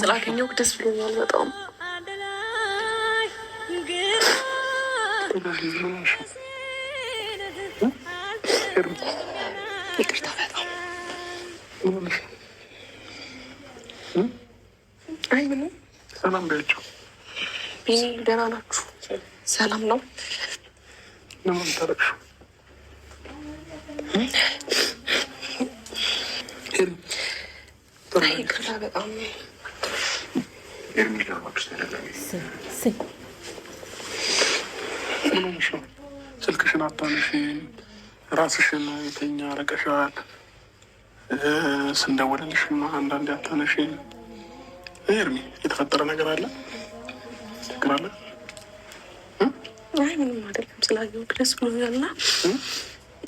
ስላገኘሁ ደስ ብሎኛል በጣም። ይቅርታ በጣም አይ ምንም ሰላም በያቸው። ይህ ደህና ናችሁ? ሰላም ነው። ለምን ታረቅሹ? ሆነሽ ስልክሽን አታነሺም። ራስሽን የተኛ ረቀሻል። ስንደውልልሽም አንዳንዴ አታነሺም። ኤርሚ የተፈጠረ ነገር አለ? ችግር አለ? አይ ምንም አይደለም። ስላየው ደስ ብሎኛል እና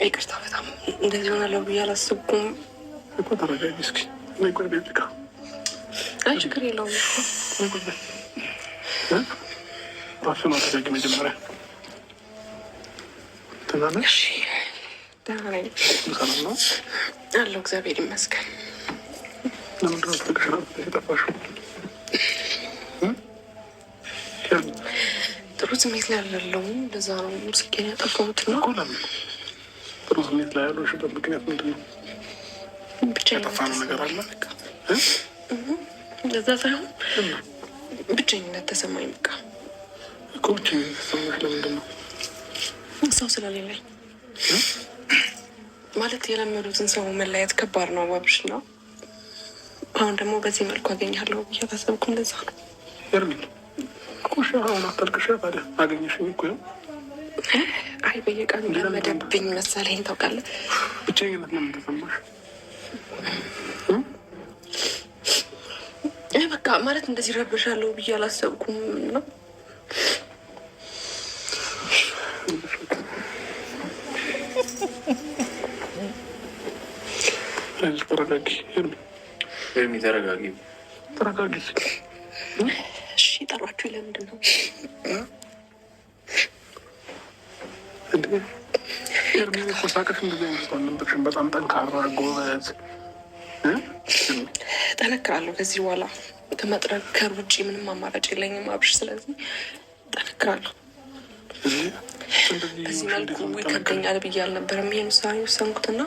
ይቅርታ። በጣም እንደዚህ ሆናለሁ ብዬ አላሰብኩም እኮ። ተረጋጊ እስኪ። አይ ችግር የለውም። ራሱን አዘጋጅ መጀመሪያ ትናነሽ አለው። እግዚአብሔር ይመስገን። ለምንድነው የጠፋሽው? ጥሩ ስሜት ላይ ያለውም እንደዛ ነው። ስልኬን ያጠፋሁት ነው። ጥሩ ስሜት ላይ ያለሽበት ምክንያት ምንድን ነው? ብቻ የጠፋነው ነገር አለ። እንደዛ ሳይሆን ብቸኝነት ተሰማኝ። በቃ እኮ ብቸኝነት ተሰማሽ ለምንድን ነው? ሰው ስለሌለኝ ማለት የለመዱትን ሰው መለያየት ከባድ ነው አባብሽ ነው። አሁን ደግሞ በዚህ መልኩ አገኛለሁ ብዬ ታሰብኩ። እንደዛ ነው ርሚ ቁሻ አሁን አታልቅሻ። ታዲያ አገኘሽኝ እኮ አይ በየቀኑ ለመደብኝ መሰለኝ ታውቃለህ። ብቸኝነት ነው የምትሰማሽ በቃ ማለት እንደዚህ ረብሻለሁ ብዬ አላሰብኩም ነው ተረጋጊ ኤርሚ፣ ተረጋጊ ተረጋጊ። እሺ ጠሯችሁ ለምንድን ነው? ኤርሚ እኮ ሳቅሽ እንደዚህ አይነት አልነበረሽም። በጣም ጠንካራ ጎበዝ። ጠነክራለሁ ከዚህ በኋላ ከመጥረከር ውጭ ምንም አማራጭ የለኝም አብርሽ። ስለዚህ ጠነክራለሁ። በዚህ መልኩ ይከብደኛል ብዬ አልነበረም ይህን ውሳኔ የወሰንኩትና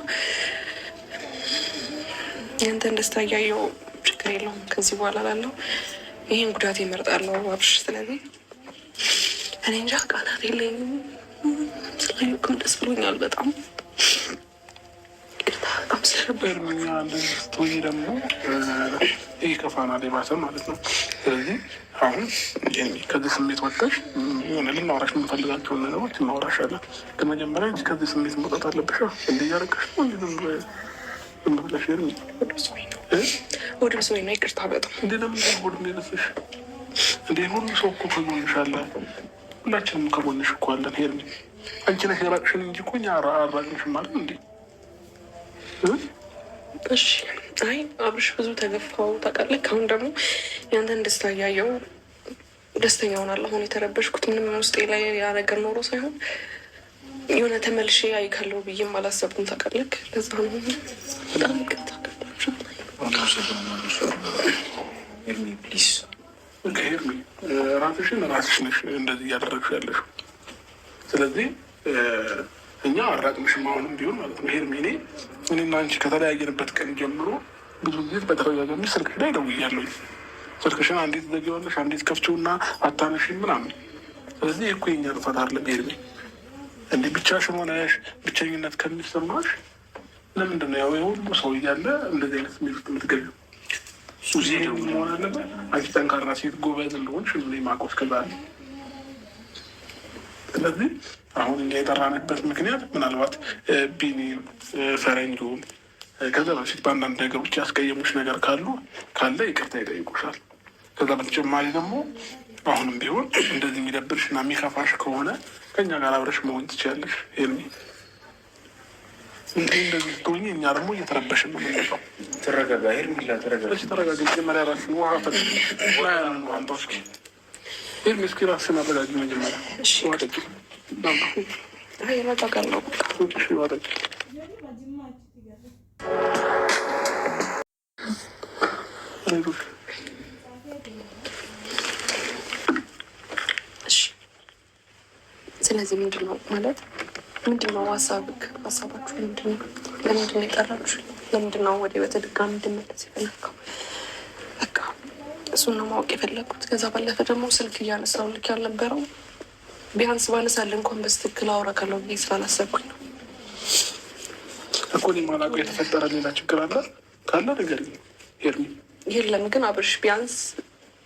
ያንተን ደስታ እያየው ችግር የለውም ከዚህ በኋላ ላለው ይህን ጉዳት ይመርጣለሁ አብርሽ። ስለዚህ እኔ እንጃ ቃላት የለኝም። ስለዩክም ደስ ብሎኛል በጣም ደግሞ ከፋና ማለት ነው። ስለዚህ አሁን ስሜት ወጥተሽ ነገሮች ከመጀመሪያ ከዚህ ስሜት መውጣት ነው ሁሉ ሰው እኮ ከጎንሽ አለ። ሁላችንም ከጎንሽ እኮ አለን። ሄርሚ አንቺ ነሽ የራቅሽን እንጂ እኮ እኛ አራቅንሽም አለ እንዴ? እሺ አይ አብርሽ ብዙ ተገፋው ታውቃለህ። አሁን ደግሞ ያንተን ደስታ እያየሁ ደስተኛ ሆናለሁ። አሁን የተረበሽኩት ምንም ውስጤ ላይ ያ ነገር ኖሮ ሳይሆን የሆነ ተመልሼ አይካለው ብዬም አላሰብኩም። ታውቃለህ፣ ለዛ ነው በጣም ይቅርታ። ራስሽን ራስሽ ነሽ እንደዚህ እያደረግሽ ያለሽ። ስለዚህ እኛ አራቅምሽም አሁንም ቢሆን ማለት ነው። ሄርሜ እኔ እኔና አንቺ ከተለያየንበት ቀን ጀምሮ ብዙ ጊዜ በተደጋጋሚ ስልክሽ ላይ ደውያለሁ። ስልክሽን አንዴት ዘጊዋለሽ፣ አንዴት ከፍቼውና አታነሽኝ ምናምን። ስለዚህ እኮ የኛ ጥፋት አይደለም ሄርሜ እንዲህ ብቻሽን ሆነሽ ብቸኝነት ከሚሰማሽ ለምንድን ነው ያው የሁሉ ሰው እያለ እንደዚህ አይነት ስሜት ውስጥ የምትገቢው? ሱዚ መሆን አለበት። አንቺ ጠንካራ ሴት ጎበዝ እንደሆንሽ ምን ማቆ እስከዛ። ስለዚህ አሁን እኛ የጠራንበት ምክንያት ምናልባት ቢኒ ፈረንጆን ከዛ በፊት በአንዳንድ ነገሮች ያስቀየሙሽ ነገር ካሉ ካለ ይቅርታ ይጠይቁሻል። ከዛ በተጨማሪ ደግሞ አሁንም ቢሆን እንደዚህ የሚደብርሽ እና የሚከፋሽ ከሆነ ከኛ ጋር አብረሽ መሆን ትችላለሽ። ሄልሚ እንዲህ እንደዚህ ስትሆኝ እኛ ደግሞ እየተረበሽ ነው የምንመጣው። ተረጋጋ ሄልሚ፣ ተረጋጋ። ተረጋጋ። መጀመሪያ ራስን ውሃ ፈ አንቶስ ሄልሚ፣ እስኪ ራስን አረጋጊ መጀመሪያ ዋጠቂ ምንድን ነው ማለት ምንድን ነው ሀሳብክ? ሀሳባችሁ ምንድን ነው? ለምንድን ነው የጠራችሁ? ለምንድን ነው ወደ ህይወት ድጋሚ እንድመለስ የፈለግከው? በቃ እሱን ነው ማወቅ የፈለግኩት። ከዛ ባለፈ ደግሞ ስልክ እያነሳው ልክ ያልነበረው ቢያንስ ባነሳልህ እንኳን በስትክል አውራ ካለው ብዬ ስላላሰብኩኝ ነው እኮ እኔም አላውቅም። የተፈጠረ ሌላ ችግር አለ ካለ ነገር ሄርሚ የለም ግን አብርሽ ቢያንስ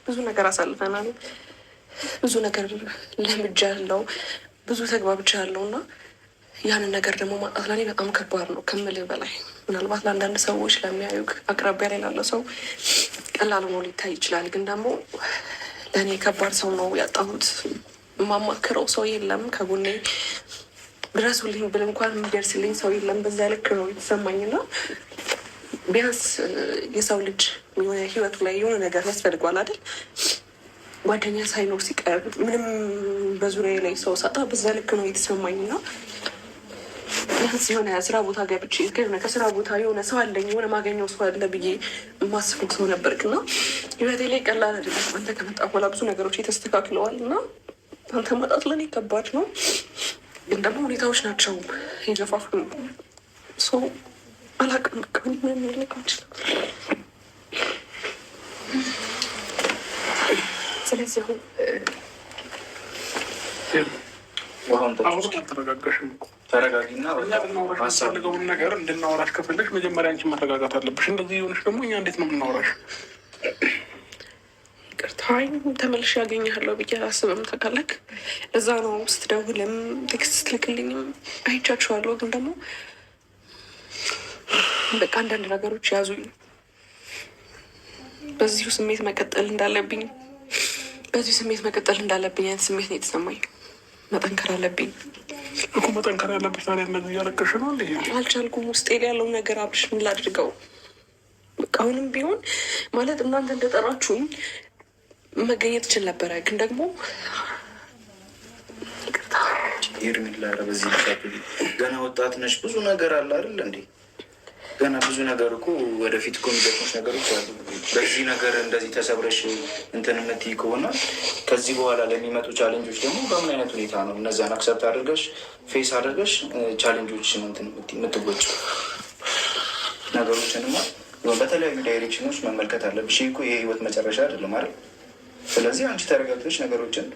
ብዙ ነገር አሳልፈናል። ብዙ ነገር ለምጃ ያለው ብዙ ተግባብቻ ያለው እና ያንን ነገር ደግሞ ማጣት ለኔ በጣም ከባድ ነው ከምልህ በላይ። ምናልባት ለአንዳንድ ሰዎች ለሚያዩ አቅራቢያ ላይ ላለው ሰው ቀላል ሆኖ ሊታይ ይችላል፣ ግን ደግሞ ለእኔ ከባድ ሰው ነው ያጣሁት። የማማክረው ሰው የለም ከጎኔ ድረሱልኝ ብል እንኳን የሚደርስልኝ ሰው የለም። በዛ ልክ ነው የተሰማኝ እና ቢያንስ የሰው ልጅ የሆነ ህይወቱ ላይ የሆነ ነገር ያስፈልጓል አይደል? ጓደኛ ሳይኖር ሲቀር ምንም በዙሪያ ላይ ሰው ሳጣ በዛ ልክ ነው የተሰማኝ። እና ቢያንስ የሆነ ስራ ቦታ ገብቼ ሆነ ከስራ ቦታ የሆነ ሰው አለኝ የሆነ ማገኘው ሰው አለ ብዬ የማስበው ሰው ነበርክ እና ህይወቴ ላይ ቀላል አይደለም። አንተ ከመጣ በኋላ ብዙ ነገሮች ተስተካክለዋል እና አንተ መጣት ለእኔ ከባድ ነው፣ ግን ደግሞ ሁኔታዎች ናቸው የገፋፉ ሰው አላቅም። ምንም ልልህ አልችልም። ስለዚህ አሁን የምንፈልገውን ነገር እንድናወራሽ ከፈለግሽ መጀመሪያ አንቺ መረጋጋት አለብሽ። እንደዚህ የሆነሽ ደግሞ እኛ እንዴት ነው የምናወራሽ? ይቅርታ ተመልሼ ብዬ አላስብም። ተቀለክ እዛ ነው ስትደውልም ቴክስት ስትልክልኝም አይቻችኋለሁ። ግን ደግሞ በቃ አንዳንድ ነገሮች ያዙኝ። በዚሁ ስሜት መቀጠል እንዳለብኝ በዚህ ስሜት መቀጠል እንዳለብኝ አይነት ስሜት ነው የተሰማኝ። መጠንከር አለብኝ እኮ መጠንከር ያለብኝ። ታዲያ እንደዚህ እያለቀሽ ነው እንዴ? አልቻልኩም። ውስጤ ላይ ያለው ነገር አብርሽ፣ ምን ላድርገው? በቃ አሁንም ቢሆን ማለት እናንተ እንደጠራችሁኝ መገኘት እችል ነበረ፣ ግን ደግሞ ይቅርታ ሄርሜላ፣ ኧረ በዚህ ገና ወጣት ነች፣ ብዙ ነገር አለ አይደል እንዴ ገና ብዙ ነገር እኮ ወደፊት እኮ የሚደርሱት ነገሮች አሉ። በዚህ ነገር እንደዚህ ተሰብረሽ እንትን የምትይ ከሆነ ከዚህ በኋላ ለሚመጡ ቻሌንጆች ደግሞ በምን አይነት ሁኔታ ነው እነዚን አክሰብት አድርገሽ ፌስ አድርገሽ ቻሌንጆች የምትጎጭ ነገሮችንማ በተለያዩ ዳይሬክሽኖች መመልከት አለብሽ። እኮ የህይወት መጨረሻ አይደለም አይደል? ስለዚህ አንቺ ተረጋግተሽ ነገሮችን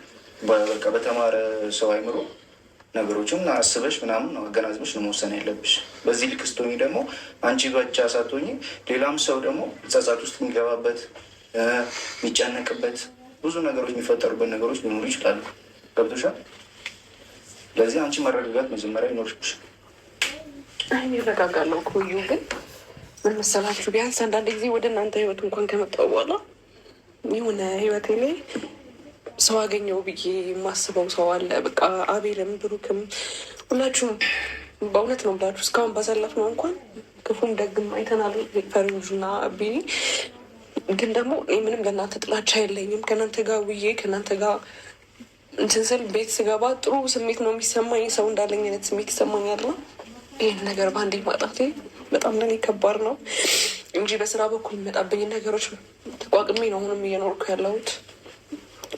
በቃ በተማረ ሰው አይምሮ ነገሮችም አስበሽ ምናምን አገናዝበሽ ነው መወሰን ያለብሽ። በዚህ ልክ ስትሆኚ ደግሞ አንቺ ብቻ ሳትሆኚ ሌላም ሰው ደግሞ ጸጸት ውስጥ የሚገባበት የሚጨነቅበት ብዙ ነገሮች የሚፈጠሩበት ነገሮች ሊኖሩ ይችላሉ። ገብቶሻል? ለዚህ አንቺ መረጋጋት መጀመሪያ ይኖርብሽ። አይ እረጋጋለሁ ግን ምን መሰላችሁ ቢያንስ አንዳንድ ጊዜ ወደ እናንተ ህይወት እንኳን ከመጣሁ በኋላ የሆነ ህይወቴ ላይ ሰው አገኘው ብዬ የማስበው ሰው አለ። በቃ አቤልም ብሩክም ሁላችሁም በእውነት ነው ብላችሁ እስካሁን ባሳለፍ ነው እንኳን ክፉም ደግም አይተናል። ፈረንጁና ቢኒ ግን ደግሞ ምንም ለእናንተ ጥላቻ የለኝም። ከእናንተ ጋር ውዬ ከእናንተ ጋር እንትን ስል ቤት ስገባ ጥሩ ስሜት ነው የሚሰማኝ። ሰው እንዳለኝ አይነት ስሜት ይሰማኛል። እና ይህን ነገር በአንዴ ማጣቴ በጣም ለኔ ከባድ ነው እንጂ በስራ በኩል የሚመጣብኝ ነገሮች ተቋቅሜ ነው አሁንም እየኖርኩ ያለሁት።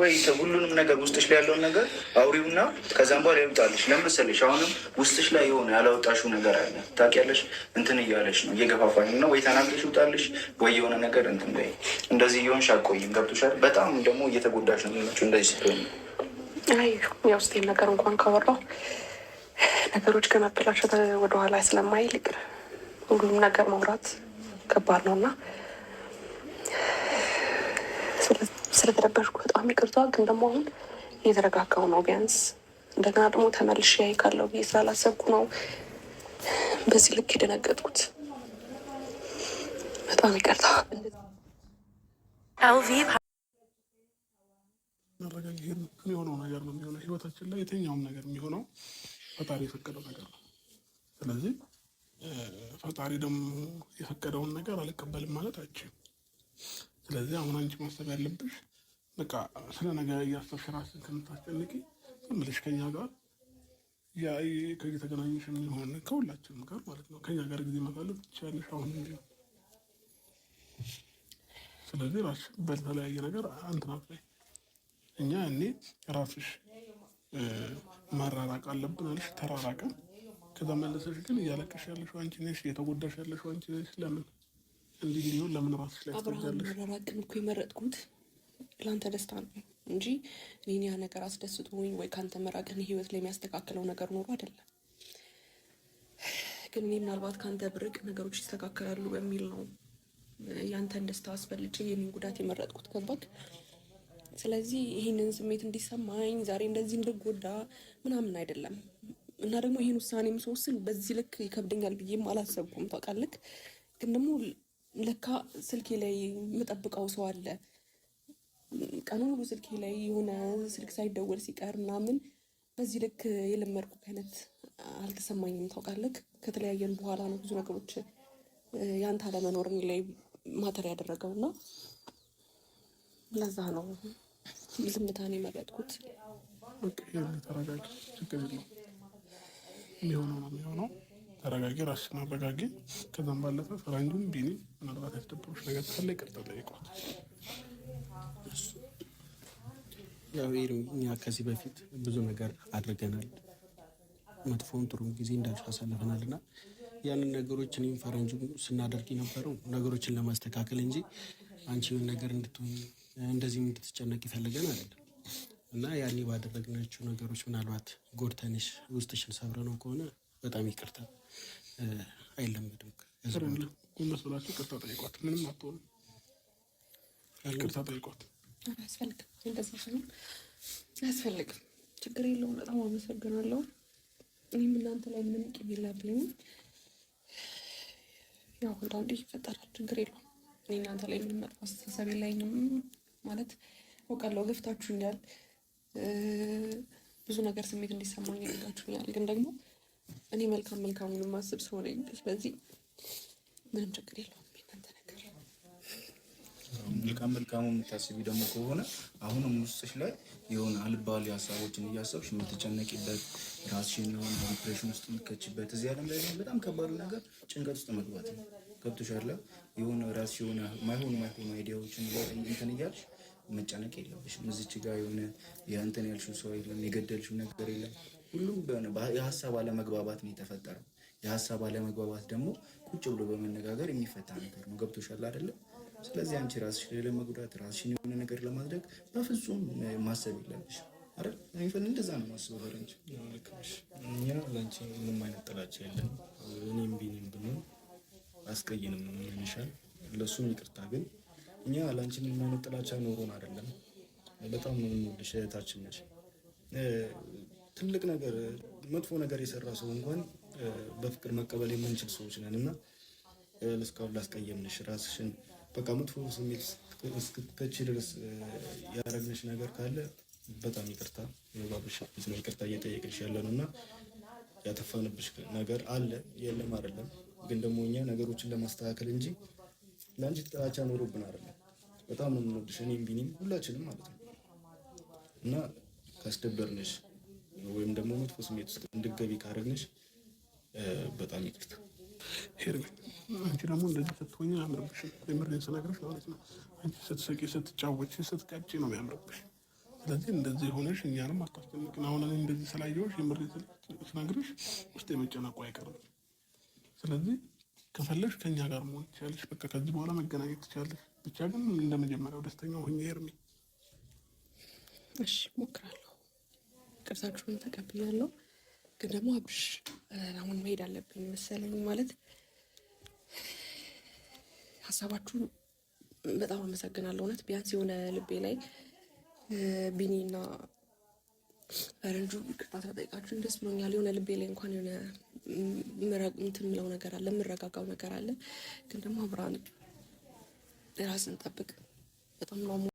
ወይ ሁሉንም ነገር ውስጥሽ ላይ ያለውን ነገር አውሪውና ከዛም በኋላ ይወጣልሽ። ለምሳሌሽ አሁንም ውስጥሽ ላይ የሆነ ያላወጣሽው ነገር አለ። ታውቂያለሽ፣ እንትን እያለሽ ነው እየገፋፋሽ ነው። ወይ ተናግረሽ ይውጣልሽ፣ ወይ የሆነ ነገር እንትን በይ። እንደዚህ እየሆንሽ አቆይም። ገብቶሻል? በጣም ደግሞ እየተጎዳሽ ነው የሚመጪው እንደዚህ ስትሆኝ። አይ የውስጤን ነገር እንኳን ካወራሁ ነገሮች ከመበላሸት ወደኋላ ስለማይልቅ ሁሉም ነገር ማውራት ከባድ ነው እና ስለተረበሽኩ በጣም ይቅርታ። ግን ደግሞ አሁን እየተረጋጋው ነው። ቢያንስ እንደገና ደግሞ ተመልሼ ያይ ካለው ብዬ ስላላሰብኩ ነው በዚህ ልክ የደነገጥኩት። በጣም ይቅርታ። የሚሆነው ነገር ነው የሚሆነው ህይወታችን ላይ የትኛውም ነገር የሚሆነው ፈጣሪ የፈቀደው ነገር ነው። ስለዚህ ፈጣሪ ደግሞ የፈቀደውን ነገር አልቀበልም ማለት አችም። ስለዚህ አሁን አንቺ ማሰብ ያለብሽ በቃ ስለ ነገር እያሰብሽ ራስሽን ከምታስጨንቂ ዝም ብለሽ ከኛ ጋር ከተገናኘሽ የሚሆን ከሁላችንም ጋር ማለት ነው ከኛ ጋር ጊዜ ማሳለፍ ትችያለሽ። አሁን እንዲ ስለዚህ ራስሽ በተለያየ ነገር አንትናት ላይ እኛ እኔ ራስሽ መራራቅ አለብን አለሽ ተራራቅን። ከዛ መለሰሽ ግን እያለቀሽ ያለሽ አንቺ ነሽ፣ እየተጎዳሽ ያለሽ አንቺ ነሽ። ለምን እንዲህ ሊሆን ለምን ራስሽ ላይ አብርሃም መራራቅን እኮ የመረጥኩት ለአንተ ደስታ ነው እንጂ እኔን ያ ነገር አስደስቶኝ ወይ ከአንተ መራቅን ህይወት ላይ የሚያስተካክለው ነገር ኖሮ አይደለም። ግን እኔ ምናልባት ከአንተ ብርቅ ነገሮች ይስተካከላሉ በሚል ነው ያንተን ደስታ አስፈልጬ የኔን ጉዳት የመረጥኩት። ገባክ? ስለዚህ ይህንን ስሜት እንዲሰማኝ ዛሬ እንደዚህ እንድጎዳ ምናምን አይደለም። እና ደግሞ ይህን ውሳኔ ምስወስን በዚህ ልክ ይከብደኛል ብዬም አላሰብኩም። ታውቃለህ። ግን ደግሞ ለካ ስልኬ ላይ የምጠብቀው ሰው አለ ቀኑ ሙሉ ስልኬ ላይ የሆነ ስልክ ሳይደወል ሲቀር ምናምን በዚህ ልክ የለመድኩት አይነት አልተሰማኝም። ታውቃለህ፣ ከተለያየን በኋላ ነው ብዙ ነገሮች ያንተ አለመኖር ላይ ማተር ያደረገው እና ለዛ ነው ዝምታን የመረጥኩት። ተረጋጊ፣ ችግር የለውም። የሚሆነው ነው የሚሆነው። ተረጋጊ፣ ራስሽን አረጋጊ። ከዛም ባለፈ ፈረንጁን ቢኒ ምናልባት ያስደብሮች ነገር ካለ ይቅርታ ጠይቋት። እኛ ከዚህ በፊት ብዙ ነገር አድርገናል። መጥፎውን ጥሩ ጊዜ እንዳልሽ አሳልፈናል እና ያንን ነገሮች እኔም ፈረንጁ ስናደርግ የነበረው ነገሮችን ለማስተካከል እንጂ አንቺ ምን ነገር እንድትሆኝ እንደዚህ እንድትጨነቅ ይፈልገን አይደለም። እና ያኔ ባደረግናቸው ነገሮች ምናልባት ጎድተንሽ ውስጥሽን ሰብረ ነው ከሆነ በጣም ይቅርታ። አይለመድም ቅርታ ጠይቋት። ምንም አትሆንም። ቅርታ ጠይቋት። አያስፈልግም። እንደዛ ሳይሆን አያስፈልግም። ችግር የለውም። በጣም አመሰግናለሁ። እኔም እናንተ ላይ ምንም ቂም የለብኝም። ያው አንዳንዴ ይፈጠራል፣ ችግር የለውም። እኔ እናንተ ላይ ምንም መጥፎ አስተሳሰብ የለኝም። ማለት አውቃለሁ፣ ገፍታችሁኛል፣ ብዙ ነገር ስሜት እንዲሰማኝ ያደርጋችሁኛል። ግን ደግሞ እኔ መልካም መልካሙን ማስብ ሰው ነኝ። ስለዚህ ምንም ችግር የለውም። መልካም መልካሙ የምታስቢ ደግሞ ከሆነ አሁንም ውስጥሽ ላይ የሆነ አልባሌ ሀሳቦችን እያሰብሽ የምትጨነቂበት ራስሽን የሆነ ዲፕሬሽን ውስጥ የምትከችበት እዚህ ዓለም ላይ በጣም ከባዱ ነገር ጭንቀት ውስጥ መግባት ነው። ገብቶሻል። የሆነ ራስሽ የሆነ ማይሆኑ ማይሆኑ አይዲያዎችን እንትን እያልሽ መጨነቅ የለብሽም። እዚች ጋ የሆነ የእንትን ያልሽው ሰው የለም፣ የገደልሽው ነገር የለም። ሁሉም በሆነ የሀሳብ አለመግባባት ነው የተፈጠረው። የሀሳብ አለመግባባት ደግሞ ቁጭ ብሎ በመነጋገር የሚፈታ ነገር ነው። ገብቶሻል አይደለም? ስለዚህ አንቺ ራስሽን ለመጉዳት ራስሽን የሆነ ነገር ለማድረግ በፍጹም ማሰብ የለብሽ አይፈን እንደዛ ነው ማስበው። ፈረንጅ እኛ ለአንቺ ምንም አይነት ጥላቻ የለን። እኔም ቢኒም ብንሆን አስቀይንም ምንሻል፣ ለእሱም ይቅርታ። ግን እኛ ለአንቺ ምንም አይነት ጥላቻ ኖሮን አይደለም። በጣም ነው የምንወድሽ፣ እህታችን ነሽ። ትልቅ ነገር መጥፎ ነገር የሰራ ሰው እንኳን በፍቅር መቀበል የምንችል ሰዎች ነን እና እስካሁን ላስቀየምንሽ ራስሽን በቃ መጥፎ ስሜት እስክተች ድረስ ያደረግንሽ ነገር ካለ በጣም ይቅርታ ባብሽ ነው ይቅርታ እየጠየቅሽ ነው እና ያተፋንብሽ ነገር አለ የለም አይደለም። ግን ደግሞ እኛ ነገሮችን ለማስተካከል እንጂ ለአንቺ ጥላቻ ኖሮብን አይደለም። በጣም ነው የምንወድሽ፣ እኔም ቢኒም ሁላችንም ማለት ነው እና ካስደበርንሽ ወይም ደግሞ መጥፎ ስሜት ውስጥ እንድገቢ ካደረግንሽ በጣም ይቅርታ ሄር አንቺ ደግሞ እንደዚህ ስትሆኝ አያምርብሽም። የምሬን ስነግርሽ ማለት ነው። አንቺ ስትስቂ፣ ስትጫወች፣ ስትቀጭ ነው የሚያምርብሽ። ስለዚህ እንደዚህ ሆነሽ እኛንም አታስጨንቅን። አሁን እኔ እንደዚህ ስላየሁሽ የምሬን ስነግርሽ ውስጥ የመጨነቁ አይቀርም። ስለዚህ ከፈለሽ ከኛ ጋር መሆን ትችላለሽ። በቃ ከዚህ በኋላ መገናኘት ትችላለሽ። ብቻ ግን እንደመጀመሪያው ደስተኛ ሆኜ ሄርሜ። እሺ ሞክራለሁ። ቅርሳችሁን ተቀብያለሁ። ግን ደግሞ አብሽ አሁን መሄድ አለብኝ መሰለኝ። ማለት ሀሳባችሁን በጣም አመሰግናለሁ። እውነት ቢያንስ የሆነ ልቤ ላይ ቢኒና ፈረንጁ ቅርታ ስለጠየቃችሁኝ ደስ ብሎኛል። የሆነ ልቤ ላይ እንኳን የሆነ እንትን የምለው ነገር አለ፣ የምረጋጋው ነገር አለ። ግን ደግሞ አብራን ራስን ጠብቅ በጣም